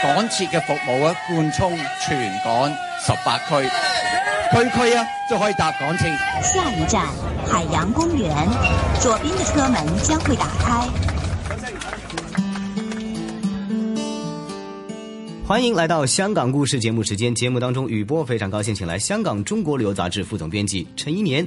港鐵嘅服務啊，貫穿全港十八區，區區啊都可以搭港鐵。下一站海洋公園，左邊的車門將會打開。歡迎來到香港故事節目時間，節目當中宇波非常高興，請來香港中國旅遊雜誌副總編輯陳一年。